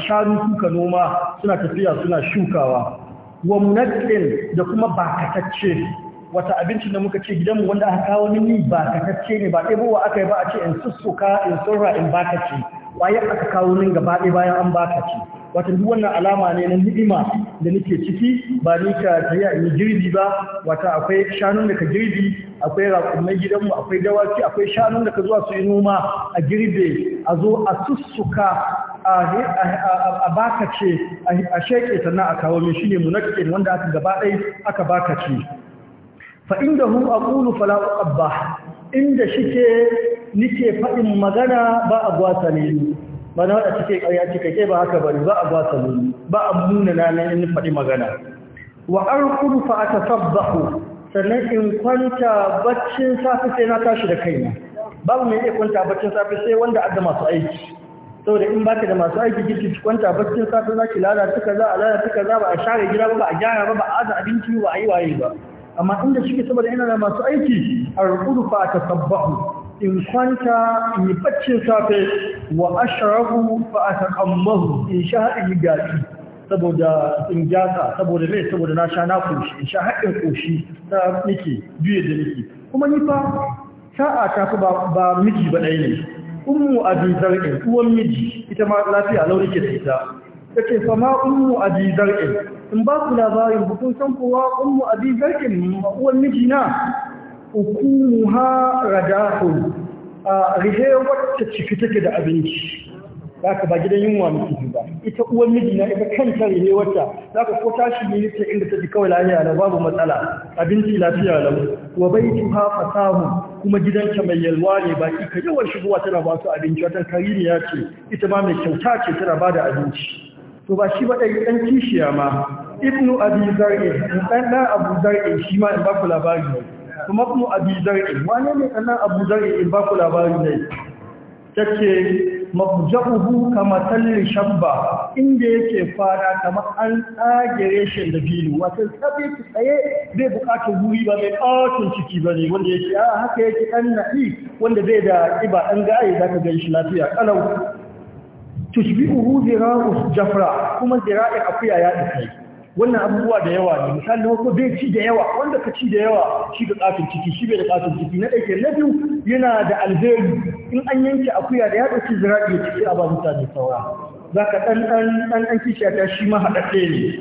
sharu suka noma suna tafiya suna shukawa wa munaddin da kuma bakatacce wata abincin da muka ce gidanmu wanda aka kawo mini ba katacce ne ba ɗebowa aka yi ba a ce in sussuka in surra in baka ce ƙwayar aka kawo min gaba ɗaya bayan an baka ce wata duk wannan alama ne na ni'ima da nake ciki ba ni ka a in girbi ba wata akwai shanun da ka girbi akwai raƙumai gidanmu akwai dawaki akwai shanun da ka zuwa su yi noma a girbe a zo a sussuka a baka ce a sheke sannan a kawo min shine munakkin wanda aka gaba ɗaya aka baka ce fa indahu aqulu fala uqabbah inda shike nike faɗin magana ba a gwata ne ni bana wada take ƙarya take kai ba haka bane ba a gwata ne ni ba a muna na ne in fadi magana wa arqudu fa atasabbahu sannan in kwanta baccin safi sai na tashi da kaina babu mai iya kwanta baccin safi sai wanda adda masu aiki saboda in baka da masu aiki girki ci kwanta baccin safi za ki lalata ka za a lalata ka za ba a share gida ba ba a gyara ba ba a aza abinci ba a yi waye ba amma inda shi ke saboda ina da masu aiki a rukudu fa tasabbahu in kwanta in yi baccin safe wa ashrabu fa ataqammahu in sha in gafi saboda in gyasa saboda mai saboda na sha na koshi in sha haɗin koshi ta nake juye da nake kuma ni fa sa'a ta ba ba miji ba ɗaya ne ummu abi zar'in uwan miji ita ma lafiya lau nake da ita ta ce fama ummu abi zar'in in ba ku labarin bukun kun san kowa ummu abi zar'in uwar mijina ukumuha radahu a rihe wacce ciki take da abinci za ka ba gidan yunwa miki ba ita uwar mijina ita kanta rihe wata za ka ko tashi ne ta inda ta ji kawai lafiya na babu matsala abinci lafiya na wa bai fasahu kuma ta mai yalwa ne baki ka yawan shigowa tana ba su abinci wata karimiya ce ita ma mai kyauta ce tana ba da abinci to ba shi ba ɗan kishiya ma ibnu abi zar'i ɗan ɗan abu zar'i shi ma in ba ku labari ne kuma ibnu abi zar'i wane ne ɗan abu zar'i in ba ku labari ne take mabja'uhu kama talli shabba inda yake fara kama an tsagere shi da bilu sabi tsaye zai bukatar wuri ba mai ƙatun ciki ba ne wanda yake a ah, haka yake ɗan na'i wanda zai da ƙiba ɗan ga'ayi za ka gan shi lafiya ƙalau tushbi'uhu zira'u jafra kuma zira'i akuya ya dace wannan abubuwa da yawa ne misali na ko bai ci da yawa wanda ka ci da yawa shi da kafin ciki shi bai da kafin ciki na dake na biyu yana da alheri in an yanke akuya da ya dace zira'i ya ciki a ba mutane saura zaka dan dan dan dan kishi ta shi ma ce ne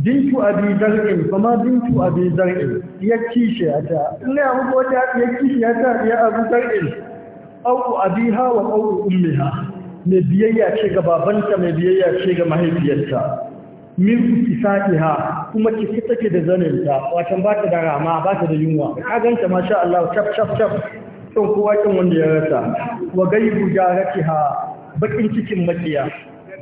bintu abi zar'in kuma bintu abi zar'in ya kishi ta ina ya muku wata ya kishi ta ya abu zar'in au abiha wa au ummiha mai biyayya ce ga babanta mai biyayya ce ga mahaifiyarta min ha, kuma ki take da zaninta watan ba ta da rama ba ta da yunwa ka ganta masha Allah chap chap chap son kowa kin wanda ya rasa wa gaibu ha bakin cikin makiya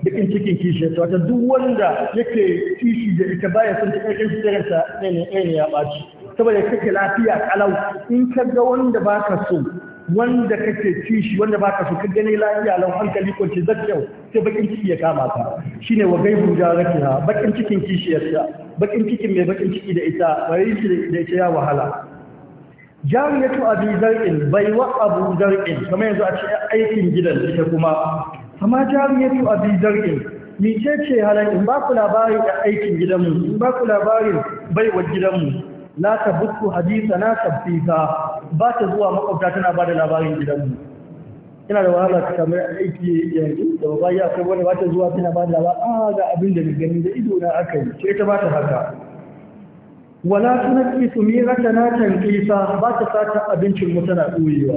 bakin cikin kishi wata duk wanda yake kishi da ita baya son ta daga ta ne ne ya baci saboda kake lafiya kalau in ka ga wanda baka so wanda kake ci shi wanda baka so ka gane lafiya lau hankali ko ce zakkau sai bakin ciki ya kama ka shine wa gaibu jarakiha bakin cikin kishiyarsa, bakin cikin mai bakin ciki da ita bai shi da ita ya wahala jariyatu abi zar'in bai wa abu zar'in kamar yanzu a ce aikin gidan ita kuma amma jariyatu abi zar'in mi ce ce halan in ba ku labarin aikin gidanmu in ba ku labarin gidan gidanmu la tabtu hadisa na tabtika ba ta zuwa makwabta tana ba da labarin gidanmu ina da wahala ta kamar aiki yanzu da ba ya kai wani ba ta zuwa tana ba da labarin ah ga abin da gani da ido na aka yi ce ta ba ta haka wala tunqisu miratana tanqisa ba ta sata abincin mu tana doyewa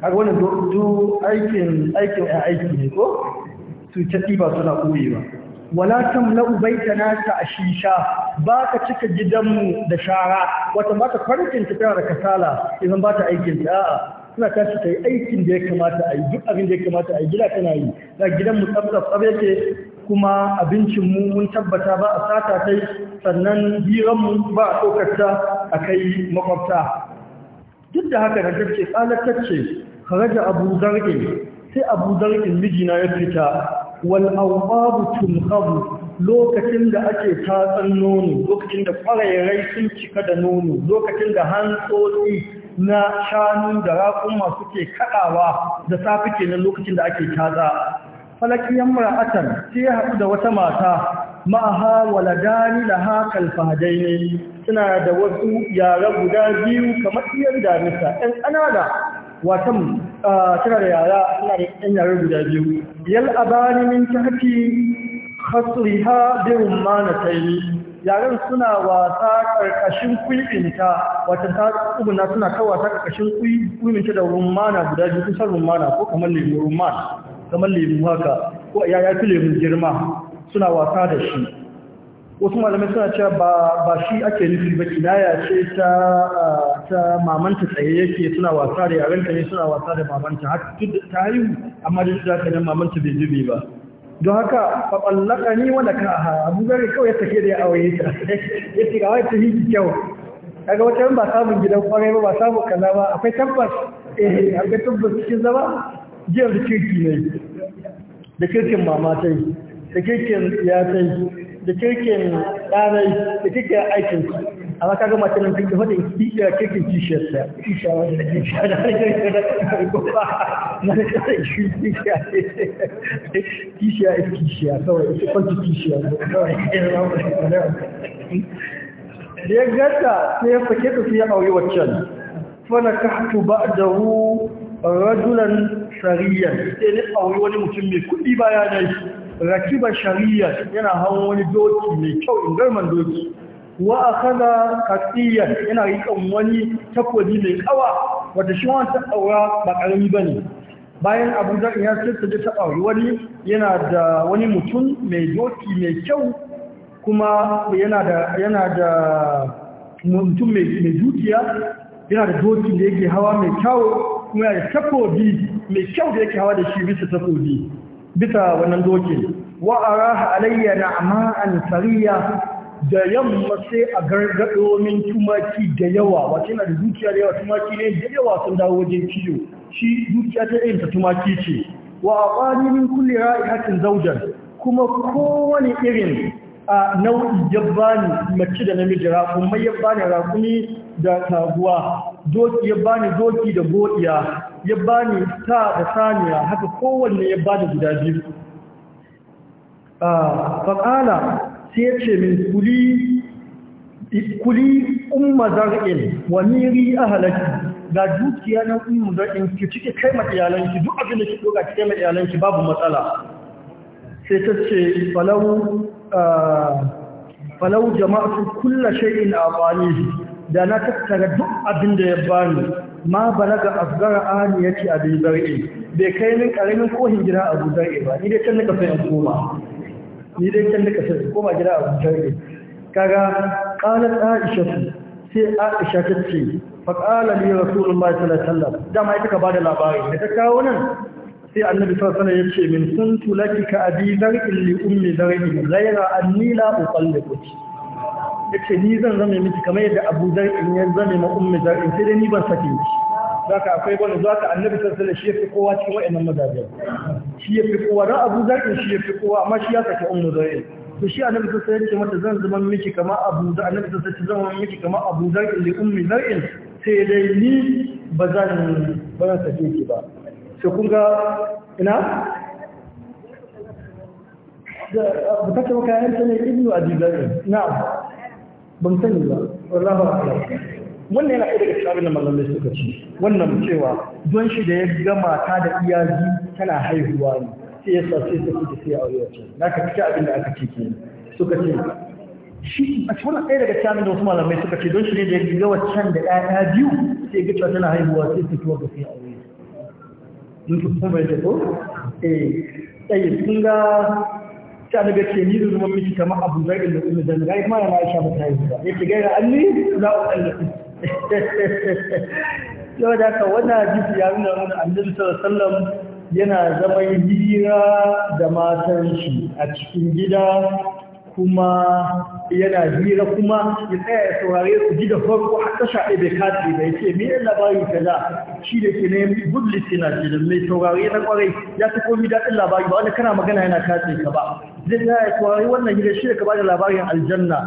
kaga wannan duk aikin aikin aiki ne ko su ta ba suna koyewa wala na baitana a shisha, ba ka cika gidanmu da shara wata mata farkin ta tana da kasala idan ba ta aikin ta a'a suna tashi ta yi aikin da ya kamata a yi duk abin da ya kamata a yi gida tana yi da gidanmu tsabtsab yake kuma abincin mu mun tabbata ba a sata kai sannan mu ba a ɗaukarta a kai makwabta duk da haka na ce ƙalatacce kharaja abu zargin sai abu zargin mijina ya fita wal awqabu tunqabu lokacin da ake tatsan nono lokacin da kwarairai sun cika da nono lokacin da hantsotsi na shanu da raƙuma suke kaɗawa da safi kenan lokacin da ake tatsa falakiyan mar'atar, sai ya haɗu da wata mata ma'aha waladani laha ne, suna da wasu yara guda biyu kamar iyar damisa ɗan ƙanana watan ah, tana da yara suna da yan yare guda biyu yal abani min tahti ma na rumanatayn yaren suna wasa karkashin kuibinta wata ta tsubuna suna kan wasa karkashin kuibinta da rumana guda biyu kusan rumana ko kamar lemu rumana kamar lemu haka ko ya fi lemu girma suna wasa da shi wasu malamai suna cewa ba shi ake nufi ba kinaya ce ta ta mamanta tsaye yake suna wasa da yaranta ne suna wasa da mamanta har ta haihu amma da da haka mamanta bai zube ba don haka faɓallaka ni wanda ka ha abu gare kawai ya take da ya awaye ta *laughs* ya ce kawai ta hiki kyau kaga wata ba samun gidan kwarai ba ba samun kaza ba akwai tabbas eh akwai tabbas cikin zama jiyar da kirki ne da kirkin mama ta yi da kirkin ya ta yi da kirkin ɗanai da kirkin aikin su a maka gama ta nan kirkin fadin kirkin t-shirt da t-shirt da kirkin da kirkin da kuma na da kare shi t-shirt t is t kawai isi kwanci t-shirt kawai da ya gata sai ya fake ta su ya aure waccan fana kahtu ba'dahu rajulan sariyan sai ne aure wani mutum mai kuɗi baya dai rakiba shari'a yana hawan wani doki mai kyau in garman doki wa kada katsiyar yana rikan wani takwadi mai kawa wata shi wanda aura ba karami bane bayan abin Dhar ya tsaya da tabawi wani yana da wani mutum mai doki mai kyau kuma yana da mutum mai dukiya yana da doki da yake hawa mai kyau kuma yana da takobi mai kyau da yake hawa da shi bisa takobi bisa wannan doki wa ara alayya na'ma'an sariya da yamma sai a gargado min tumaki da yawa wato na da dukiya da yawa tumaki ne da yawa sun dawo wajen kiyo shi dukiya ta irin ta tumaki ce wa aqani min kulli ra'ihatin zawjan kuma kowane irin a nau'i ya bani mace da namiji raƙumai ya bani raƙumi da taguwa doki ya bani doki da godiya ya bani ta da saniya haka kowanne ya bani guda biyu ah, faƙala sai ya ce min kuli umma zar'in wa miri ahalaki ga dukiya na umma in ki cike kai ma iyalanki duk abin da ki doka ki kai ma iyalanki babu matsala sai ta ce falau ah, jama'atu kulla shay'in a da na tattara duk abin da ya bani ma balaga asgara ani yake abin bar'i bai kai min karamin kohin gida abu zar'i ba ni dai kan nika sai in koma ni dai kan nika sai in koma gida abu zar'i kaga qala aisha sai aisha ta ce fa qala li rasulullahi sallallahu alaihi wasallam da mai kika bada labari da ta kawo nan sai annabi sallallahu alaihi wasallam ya ce min kuntu laki ka abi zar'in li ummi zar'in ghayra anni la uqalliquki ya ce ni zan zame miki kamar yadda abu in ya zame ma ummi in sai dai ni ban sake miki za ka akwai wani za ka annabi sassala shi ya fi kowa cikin wa'annan mazajen shi ya fi kowa don abu in shi ya fi kowa amma shi ya sake ummi zar'in to shi annabi sassala ya ce mata zan zama miki kamar abu zar annabi sassala ya zama miki kamar abu in da ummi in sai dai ni ba zan ba zan sake ki ba sai kun ga ina da bukatar kayan ta ne ibnu abi zar'in na'am ban sani ba wallahu a'lam wannan yana daga cikin abin da mallamai suka ci wannan cewa don shi da ya ga mata da iyali, tana haihuwa ne sai ya sa sai ta fita sai aure wacce naka cikin abin da aka ce kenan suka ce shi a cikin ɗaya daga cikin da wasu malamai suka ce don shi ne da ya ga waccan da ɗaya biyu sai ga cewa tana haihuwa sai ta tuwa ga sai aure in ku kuma bai ko eh ɗaya kun ga ta daga ce ni zuwa miki kamar abu zai da umu zan gai ma na aisha ta yi ba yake gaira alli za a tsallafi yau *laughs* da ka wannan hadisi ya nuna mana annabi sallallahu alaihi yana zama hira da matan shi a cikin gida kuma yana hira kuma ya tsaya ya saurare su gida da farko a kasha ɗaya bai kaɗe da ya ce me yan labari kaza shi da ke nemi good listener ke da mai saurare na kwarai ya ta komi daɗin labari ba wanda kana magana yana kaɗe ka ba zai tsaya saurari wannan gida shi ka bada labarin aljanna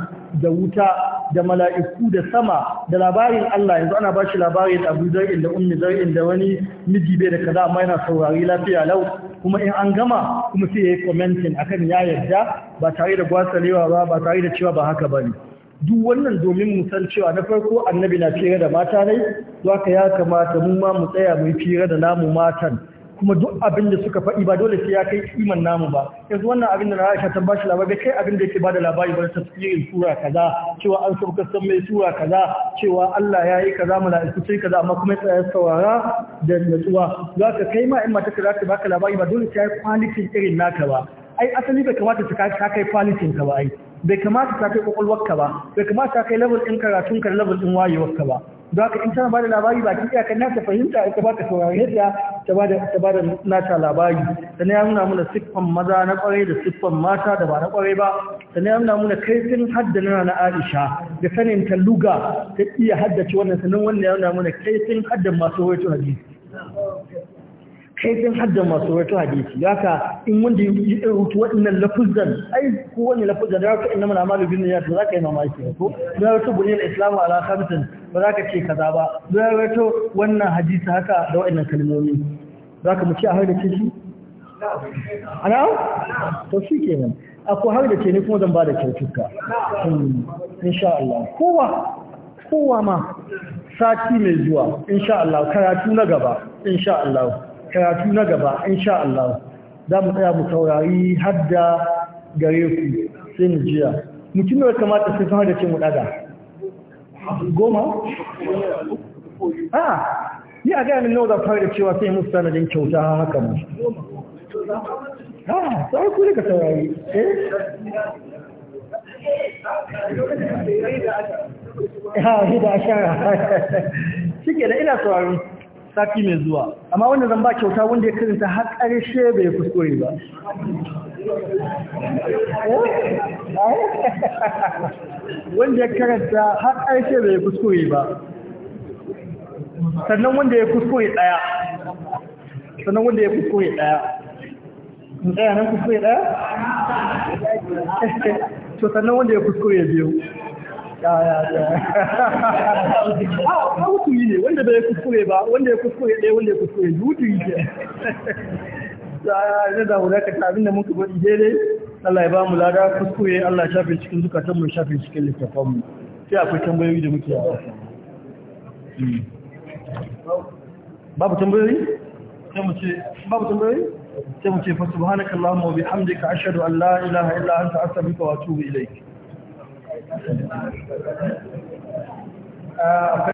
da wuta da mala'iku da sama da labarin Allah yanzu ana ba shi labarin Abu Zar'in da Ummi Zar'in da wani miji bai da kaza amma yana saurari lafiya lau kuma in an gama kuma sai yayi commenting akan ya yarda ba tare da gwasalewa ba ba tare da cewa ba haka ba ne. duk wannan domin mu san cewa na farko annabi na fira da mata ne haka ya kamata mu ma mu tsaya mu fira da namu matan kuma duk abin da suka faɗi ba dole sai ya kai iman namu ba yanzu wannan abin da Aisha ta bashi labari kai abin da yake bada labari ba tafsirin sura kaza cewa an sauka san mai sura kaza cewa Allah ya yi kaza mala'iku sai kaza amma kuma tsaya saurara da natsuwa zaka kai ma in mata kaza ka baka labari ba dole sai ya kwalitin irin naka ba ai asali bai kamata ta kai kwalitin ka ba ai bai kamata ta kai kwakwalwarka ba bai kamata ta kai level ɗin karatunka da level ɗin wayewarka ba don haka in tana bada labari ba kin iyakan nata fahimta ita ba ta saurari yadda ta bada ta bada nata labari sannan ya nuna mana siffan maza na kwarai da siffan mata da ba na kwarai ba sannan ya nuna mana kaifin haddana na Aisha da sanin ta luga ta iya haddace wannan sannan wannan ya nuna mana kaifin haddan masu rawaito hadisi kaifin haddan masu wato hadisi da haka in wanda ya rutu waɗannan lafuzan ai ko wani lafuzan da haka ina mana malu bin niyatu za ka yi mamaki ko da rato buniyar islamu ala khamsin ba za ka ce kaza ba da rato wannan hadisi haka da waɗannan kalmomi za ka mu a har da ce shi ana to shi kenan akwai har da ce kuma zan ba da kyautuka hmm, insha Allah kowa kowa ma sati mai zuwa insha Allah karatu na gaba insha Allah karatu na gaba insha Allah za mu tsaya mu saurari hadda gare ku sai mu jiya mutum da kamata sai sun da ce mu daga goma a ah, ni a gaya min nawa za fara da cewa sai mu musu din kyauta haka mu ah sai ku daga saurari eh ha ah, hida shara shike da ina saurari sati mai zuwa amma wanda zan ba kyauta wanda ya karanta har ƙarshe bai kuskure ba wanda ya karanta har ƙarshe bai kuskure ba sannan wanda ya kuskure ɗaya sannan wanda ya kuskure ɗaya in tsaya nan kuskure ɗaya to sannan wanda ya kuskure biyu a yi ne wanda bai kuskure ba wanda ya kuskure ɗaya wanda ya kuskure yi ke ya da wadatar abin da muka gwadi daidai Allah ya ba mu lada kuskure Allah shafe cikin zukatan mu shafe cikin littafan mu sai akwai tambayoyi da muke yawa babu tambayoyi sai mu ce babu tambayoyi sai mu ce fa subhanakallahumma wa bihamdika ashhadu an la ilaha illa anta astaghfiruka wa atubu ilayk akwai ah,